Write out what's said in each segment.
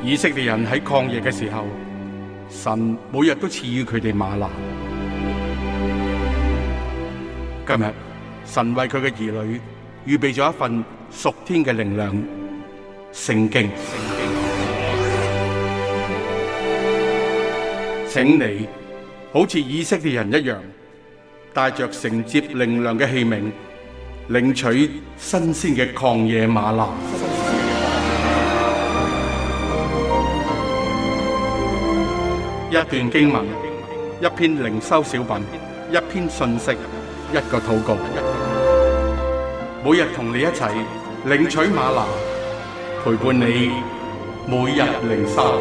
以色列人喺曠野嘅時候，神每日都賜予佢哋嗎哪。今日，神為佢嘅兒女預備咗一份屬天嘅靈糧——聖經。請你好似以色列人一樣，帶着承接靈糧嘅器皿，領取新鮮嘅曠野嗎哪。一段經文，一篇靈修小品，一篇信息，一個禱告。每日同你一齊領取嗎哪，陪伴你每日靈修。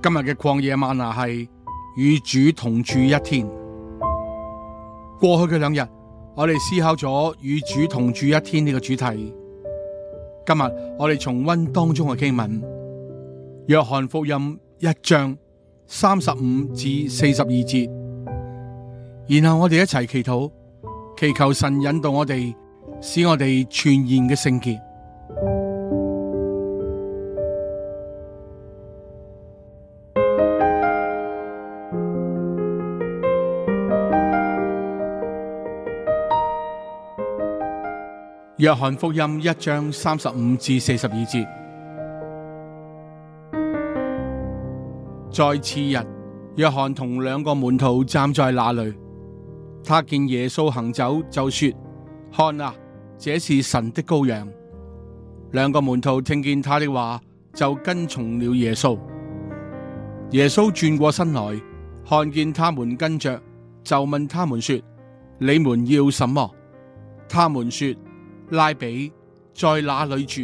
今日嘅曠野嗎哪係與主同住一天。過去嘅兩日，我哋思考咗與主同住一天呢個主題。今日我哋重溫當中嘅經文，約翰福音一章三十五至四十二節，然後我哋一齊祈禱，祈求神引導我哋，使我哋全然嘅聖潔。約翰福音一章三十五至四十二節。再次日，約翰同兩個門徒站在那裏，他見耶穌行走，就說：看啊，這是神的羔羊。兩個門徒聽見他的話，就跟從了耶穌。耶穌轉過身來，看見他們跟着，就問他們說：你們要什麼？他們說。拉比在哪裏住？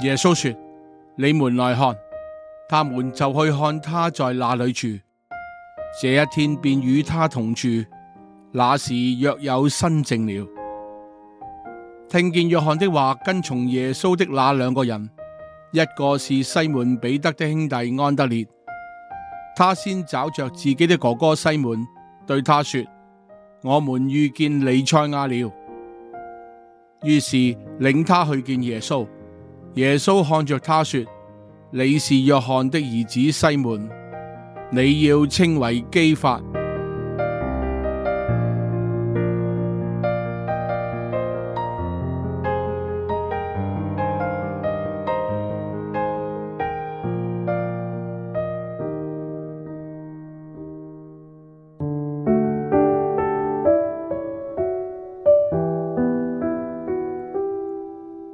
耶穌說：你們來看，他們就去看他在哪裏住。這一天便與他同住。那時約有申初了，聽見約翰的話，跟從耶穌的那兩個人，一個是西門彼得的兄弟安德烈，他先找着自己的哥哥西門，對他說：我們遇見彌賽亞了。於是領他去見耶穌，耶穌看着他說：你是約翰的兒子西門，你要稱為基法。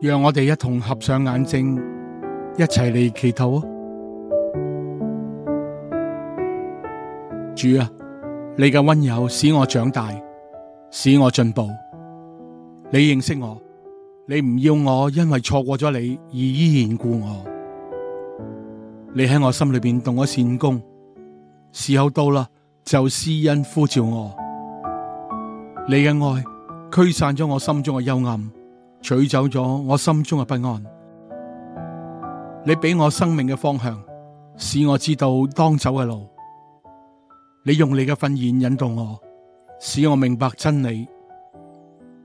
讓我哋一同合上眼睛，一齊嚟祈禱啊！主啊，你嘅溫柔使我長大，使我進步。你認識我，你唔要我，因為錯過咗你而依然故我。你喺我心裏邊動咗善工，時候到啦，就施恩呼召我。你嘅愛驅散咗我心中嘅幽暗。取走咗我心中嘅不安，你俾我生命嘅方向，使我知道當走嘅路。你用你嘅訓言引導我，使我明白真理。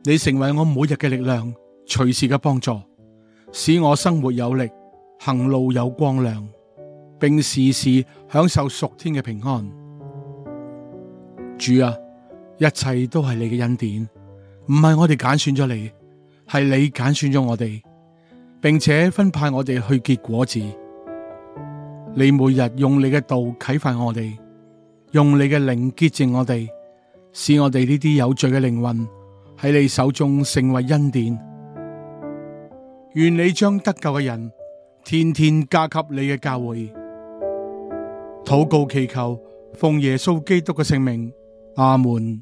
你成為我每日嘅力量，隨時嘅幫助，使我生活有力，行路有光亮，並時時享受屬天嘅平安。主啊，一切都係你嘅恩典，唔係我哋揀選咗你。係你揀選咗我哋，並且分派我哋去結果子。你每日用你嘅道啟發我哋，用你嘅靈潔淨我哋，使我哋呢啲有罪嘅靈魂喺你手中成為恩典。願你將得救嘅人天天加給你嘅教會。禱告祈求，奉耶穌基督嘅聖名，阿門。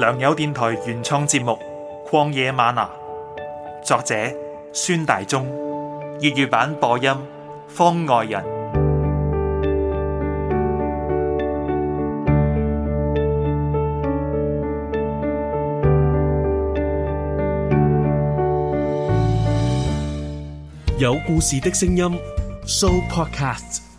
良友電台原創節目《曠野嗎哪》，作者孫大中，粵語版播音方外人，有故事的聲音，Show Podcast。